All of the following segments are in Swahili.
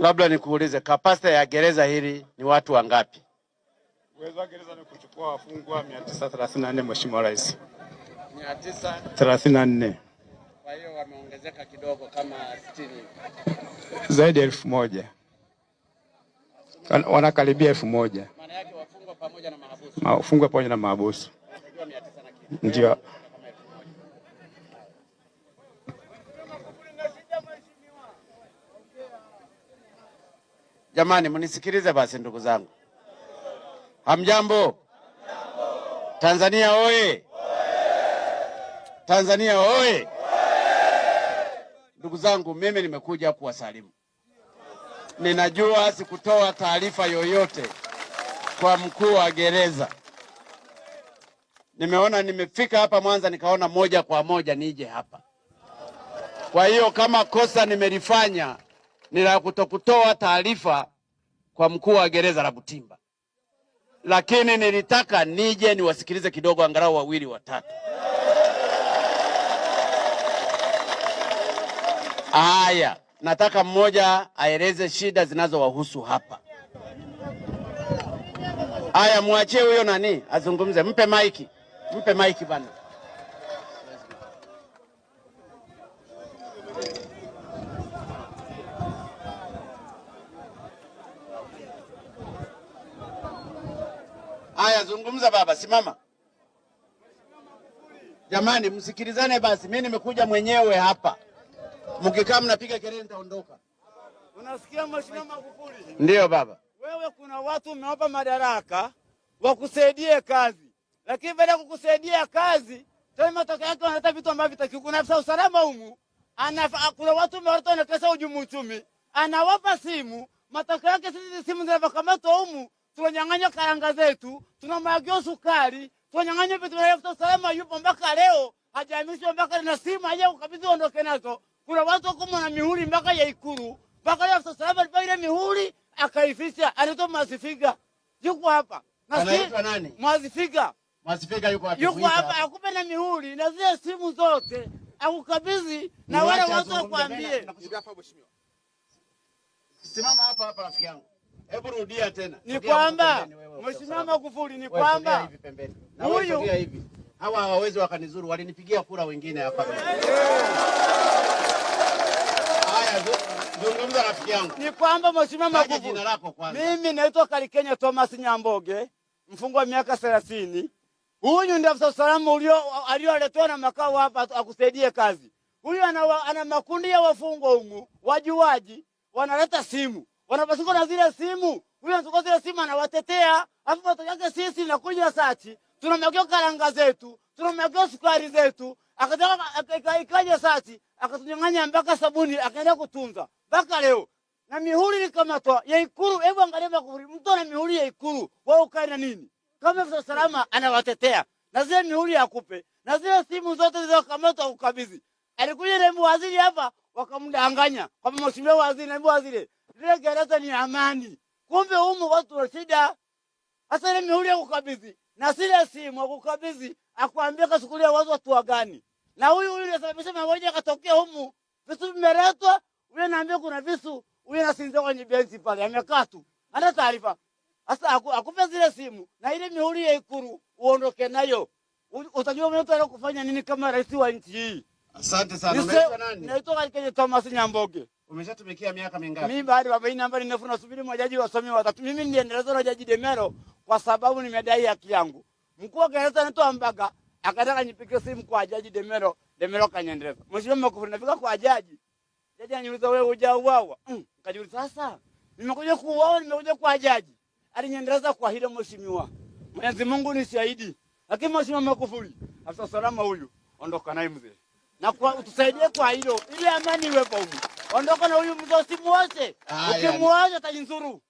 Labda nikuulize kapasita ya gereza hili ni watu wangapi? Uwezo wa gereza ni kuchukua wafungwa 934 Mheshimiwa Rais. 934. Kwa hiyo wameongezeka kidogo kama 60. Zaidi ya elfu moja. Wanakaribia elfu moja. Maana yake wafungwa pamoja na mahabusu. Wafungwa pamoja na mahabusu. Ndio. Jamani, mnisikilize basi, ndugu zangu, hamjambo? Tanzania oye! Tanzania oye! Ndugu zangu, mimi nimekuja kuwasalimu. Ninajua sikutoa taarifa yoyote kwa mkuu wa gereza. Nimeona nimefika hapa Mwanza, nikaona moja kwa moja nije hapa. Kwa hiyo kama kosa nimelifanya ni la kutokutoa taarifa kwa mkuu wa gereza la Butimba, lakini nilitaka nije niwasikilize kidogo, angalau wawili watatu. Haya, nataka mmoja aeleze shida zinazowahusu hapa. Haya, mwachie huyo nani azungumze, mpe maiki, mpe maiki bana. Haya, zungumza baba, simama. Jamani, msikilizane basi, mimi nimekuja mwenyewe hapa, mkikaa mnapiga kelele nitaondoka. Unasikia mheshimiwa Magufuli? Ndio baba. Wewe kuna watu umewapa madaraka wakusaidie kazi, lakini baada ya kukusaidia kazi tena matokeo yake wanaleta vitu ambavyo vitakiwa. Kuna afisa usalama humu, kuna watu umewaleta wanakesa ujumu uchumi, anawapa simu, matokeo yake sisi simu zinavyokamatwa humu tunanyang'anya karanga zetu, tunamwagiwa sukari, tunanyang'anya vitu vya Yefuta Salama yupo mpaka leo hajaamishwa, mpaka na simu haja kukabidhi ondoke nazo. Kuna watu wako na mihuri mpaka ya Ikulu, mpaka leo Yefuta Salama alipewa ile mihuri akaifisha, anaitwa Mazifiga. Yuko hapa. Anaitwa nani? Mazifiga. Mazifiga yuko hapa. Yuko hapa akupe na mihuri na zile simu zote akukabidhi na wale watu wakwambie. Simama hapa hapa rafiki yangu. Hebu rudia tena. Ni kwamba Mheshimiwa Magufuli ni kwamba huyu hawa hawawezi wakanizuru, walinipigia kura wengine hapa. Haya, zungumza rafiki yangu. Ni kwamba Mheshimiwa Magufuli, jina lako kwanza. Mimi naitwa Kalikenya Thomas Nyamboge, mfungwa wa miaka 30. Huyu ndio afisa usalama ulio alioletwa na makao hapa akusaidie kazi. Huyu ana, ana makundi ya wafungwa humu, wajuaji wanaleta simu wanapashikwa na zile simu, huyo anachukua zile simu anawatetea, alafu watoke sisi na kunywa sachi, tunamwagia karanga zetu, tunamwagia sukari zetu, akataka ikaje sachi, akatunyang'anya mpaka sabuni, akaenda kutunza mpaka leo na mihuri likamatwa ya Ikulu. Hebu angalia makufuri, mtu ana mihuri ya Ikulu, wao ukae na nini? Kama afisa usalama anawatetea na zile mihuri ya kupe na zile simu zote zilizokamatwa ukabidhi, alikuja naibu waziri hapa, wakamdanganya kwamba mheshimiwa waziri, naibu waziri lile gereza ni amani, kumbe umu watu wa shida. Hasa ile mihuri ya kukabidhi na sile simu kukabidhi, akwambia kasukulia wazo watu wa gani, na huyu huyu anasababisha mauaji yakatokea humu, visu vimeletwa, huyu anaambia kuna visu, huyu anasinzia kwenye benzi pale, amekaa tu, hana taarifa. Sasa akupe zile simu na ile mihuri ya ikuru uondoke nayo, utajua mtu kufanya nini kama rais wa nchi hii. Asante sana. Naitwa Thomas Nyamboge. Umeshatumikia miaka mingapi? Mimi bado arobaini ambayo nimefuna, subiri majaji wasomi watatu. Mimi niliendelezwa na Jaji Demero kwa sababu nimedai haki yangu. Mkuu wa anatoa mbaga, akataka nipigie simu kwa Jaji Demero, Demero kanyendeleza. Mheshimiwa Magufuli, nafika kwa jaji. Jaji ananiuliza wewe hujauawa. Mm, nikajiuliza sasa. Nimekuja kuuawa, nimekuja kwa jaji. Aliniendeleza kwa hilo mheshimiwa. Mwenyezi Mungu ni shahidi. Lakini Mheshimiwa Magufuli, afisa salama huyu, ondoka naye mzee. Na kwa utusaidie kwa hilo ili amani iwepo huko. Ondoka na huyu mzee usimuache. Ah, Ukimuache atajinzuru.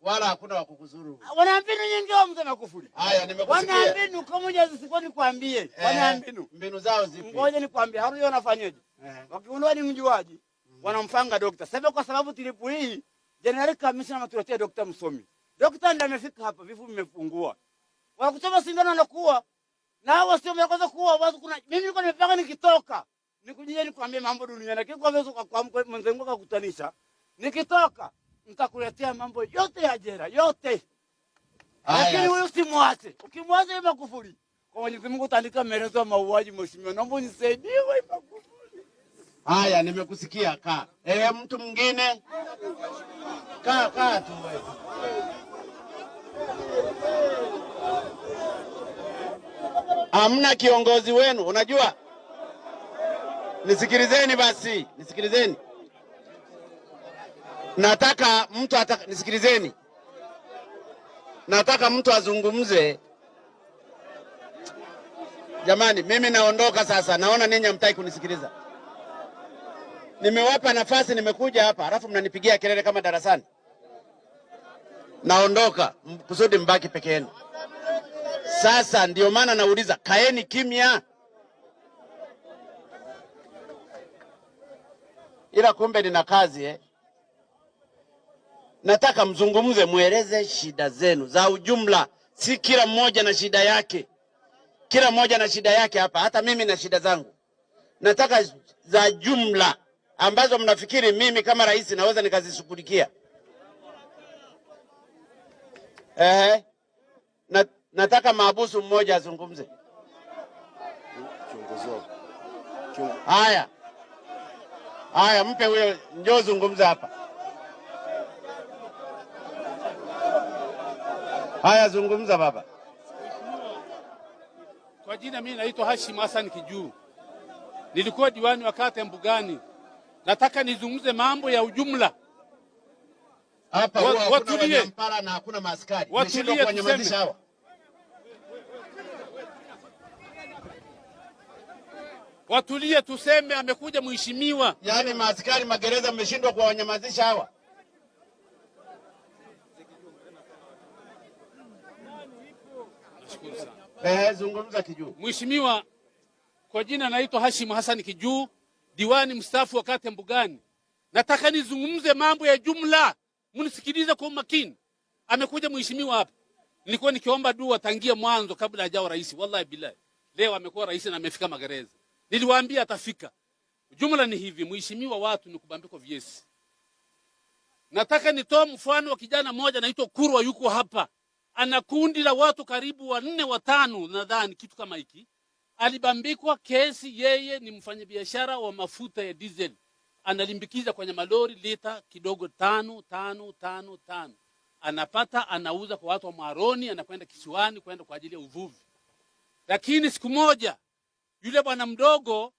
Wala hakuna wa kukuzuru. Ah, wana mbinu nyingi wao mzee Magufuli. Haya nimekusikia. Wana mbinu kwa moja zisiko nikwambie. Eh, wana mbinu. Mbinu zao zipi? Ngoja nikwambie, haruyo wanafanyaje? Eh. Wakiondoa ni mjuaji. Mm. Wanamfanga daktari. Sasa kwa sababu tulipo hii General Commissioner ametuletea daktari msomi. Daktari ndiye amefika hapa, vifu vimepungua. Wanakuchoma sindano na kuwa. Na hao wasio kwanza kuwa, kuna mimi niko nimepanga nikitoka nikujia nikwambie mambo dunia, lakini kwa Yesu kwa mwenzangu akakutanisha, nikitoka nitakuletea mambo yote ya jera yote, lakini huyu simwache. Ukimwacha Magufuli, kwa Mwenyezi Mungu utaandika maelezo ya mauaji. Mheshimiwa, naomba unisaidie wewe Magufuli. Haya, nimekusikia ka Eh, mtu mwingine ka ka tu wewe. Hamna kiongozi wenu, unajua nisikilizeni basi, nisikilizeni. Nataka mtu ataka, nisikilizeni. Nataka mtu azungumze. Jamani, mimi naondoka sasa, naona ninyi hamtaki kunisikiliza. Nimewapa nafasi, nimekuja hapa, alafu mnanipigia kelele kama darasani. Naondoka kusudi mbaki peke yenu. Sasa ndio maana nauliza, kaeni kimya. ila kumbe nina kazi eh. Nataka mzungumze, mweleze shida zenu za ujumla, si kila mmoja na shida yake. Kila mmoja na shida yake hapa, hata mimi na shida zangu. Nataka za jumla ambazo mnafikiri mimi kama rais naweza nikazishughulikia. Eh, nataka maabusu mmoja azungumze. Haya. Haya, mpe huyo, njoo zungumza hapa. Haya, zungumza baba. Kwa jina mimi naitwa Hashim Hassan Kijuu, nilikuwa diwani wa kata Mbugani. Nataka nizungumze mambo ya ujumla hapa. Watulie, watulie, tuseme Watulie, tuseme amekuja mheshimiwa. Yaani maaskari magereza mmeshindwa kuwanyamazisha hawa. Eh, zungumza Kijuu. Mheshimiwa, kwa jina naitwa Hashim Hassan Kijuu, diwani mstaafu wa kata Mbugani. Nataka nizungumze mambo ya jumla, mnisikilize kwa umakini. Amekuja mheshimiwa hapa, nilikuwa nikiomba dua tangia mwanzo kabla hajawa rais. Wallahi billahi, leo amekuwa rais na amefika magereza. Niliwaambia atafika. Jumla ni hivi, mheshimiwa, watu ni kubambikwa viesi. Nataka nitoa mfano wa kijana mmoja anaitwa Kurwa, yuko hapa, ana kundi la watu karibu wanne watano, nadhani kitu kama hiki. Alibambikwa kesi, yeye ni mfanyabiashara wa mafuta ya diesel, analimbikiza kwenye malori lita kidogo tano tano tano tano, anapata anauza kwa watu wa Mwaroni, anakwenda kisiwani kwenda kwa ajili ya uvuvi, lakini siku moja yule bwana mdogo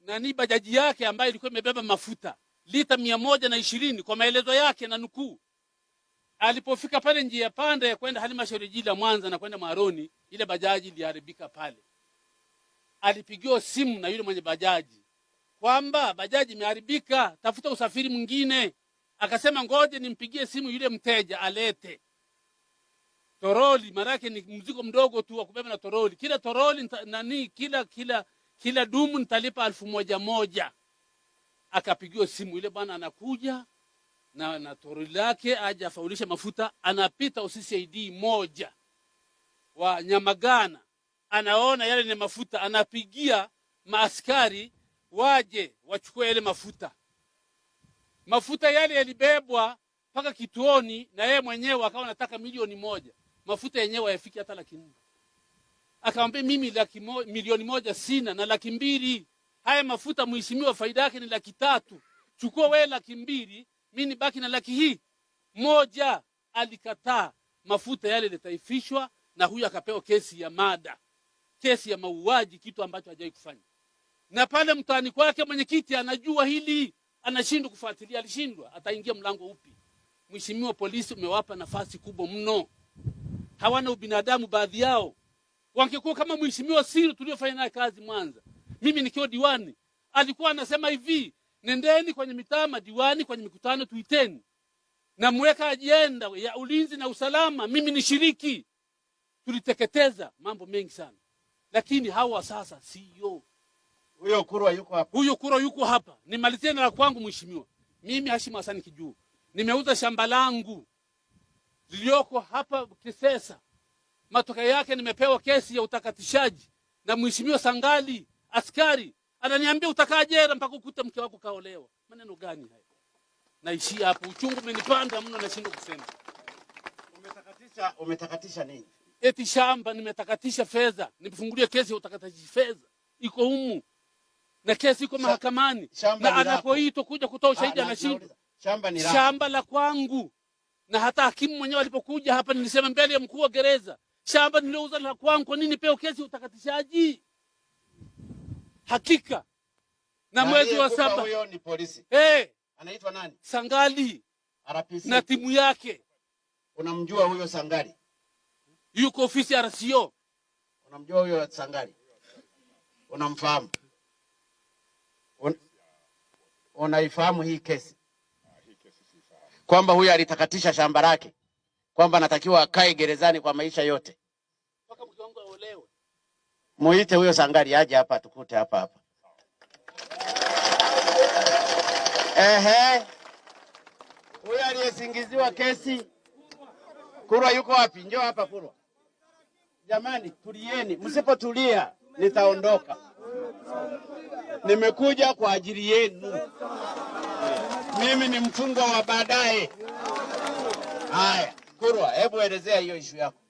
nani, bajaji yake ambayo ilikuwa imebeba mafuta lita mia moja na ishirini kwa maelezo yake na nukuu, alipofika pale njia panda ya kwenda halmashauri jiji la Mwanza na kwenda Mwaroni, ile bajaji iliharibika pale. Alipigiwa simu na yule mwenye bajaji kwamba bajaji imeharibika, tafuta usafiri mwingine. Akasema ngoje nimpigie simu yule mteja alete toroli, maanake ni mzigo mdogo tu wa kubeba na toroli. Kila toroli nani, kila kila kila dumu nitalipa elfu moja moja. Akapigiwa simu ile bwana anakuja na, na toroli lake aje afaulisha mafuta, anapita OCCID moja wa Nyamagana, anaona yale ni mafuta, anapigia maaskari waje wachukue yale mafuta. Mafuta yale yalibebwa mpaka kituoni na yeye mwenyewe akawa anataka milioni moja mafuta yenyewe hayafiki hata laki nne. Akamwambia mimi laki mo, milioni moja sina na laki mbili. Haya mafuta mheshimiwa, faida yake ni laki tatu. Chukua wewe laki mbili, mimi nibaki na laki hii moja. Alikataa, mafuta yale litaifishwa na huyu akapewa kesi ya mada, kesi ya mauaji, kitu ambacho hajawahi kufanya. Na pale mtaani kwake mwenyekiti anajua hili, anashindwa kufuatilia, alishindwa, ataingia mlango upi? Mheshimiwa, polisi umewapa nafasi kubwa mno hawana ubinadamu baadhi yao. Wangekuwa kama mheshimiwa Siru tuliofanya naye kazi Mwanza, mimi nikiwa diwani, alikuwa anasema hivi, nendeni kwenye mitaa, madiwani kwenye mikutano, tuiteni na mweka ajenda ya ulinzi na usalama, mimi nishiriki. Tuliteketeza mambo mengi sana, lakini hawa sasa sio huyo. Kurwa yuko hapa, huyo Kurwa yuko hapa. Nimalizie na la kwangu, mheshimiwa. Mimi Hashim Hassan Kijuu nimeuza shamba langu liliyoko hapa Kisesa. Matokeo yake nimepewa kesi ya utakatishaji na mheshimiwa Sangali askari ananiambia utakaa jela mpaka ukute mke wako kaolewa. Maneno gani hayo? Naishia hapo, uchungu umenipanda mno, nashindwa kusema. Umetakatisha, umetakatisha nini? Eti shamba nimetakatisha fedha, nimefungulia kesi ya utakatishaji fedha, iko humu na kesi iko mahakamani, na anapoitwa kuja kutoa ushahidi ah, anashindwa. Shamba ni shamba la kwangu na hata hakimu mwenyewe alipokuja hapa nilisema mbele ya mkuu wa gereza, shamba niliouza la kwangu, kwa nini peo kesi utakatishaji? Hakika na, mwezi wa saba huyo ni polisi hey, anaitwa nani? Sangali RPC na timu yake. Unamjua huyo Sangali? Yuko ofisi ya RCO. Unamjua huyo Sangali? Unamfahamu? Un... unaifahamu hii kesi? kwamba huyu alitakatisha shamba lake, kwamba anatakiwa akae gerezani kwa maisha yote. Muite huyo sangari aje hapa atukute hapa hapa. Ehe, huyo aliyesingiziwa kesi Kurwa yuko wapi? Njoo hapa Kurwa. Jamani, tulieni, msipotulia nitaondoka. Nimekuja kwa ajili yenu. Mimi ni mfungwa wa baadaye. Haya, Kurwa, hebu elezea hiyo ishu yako.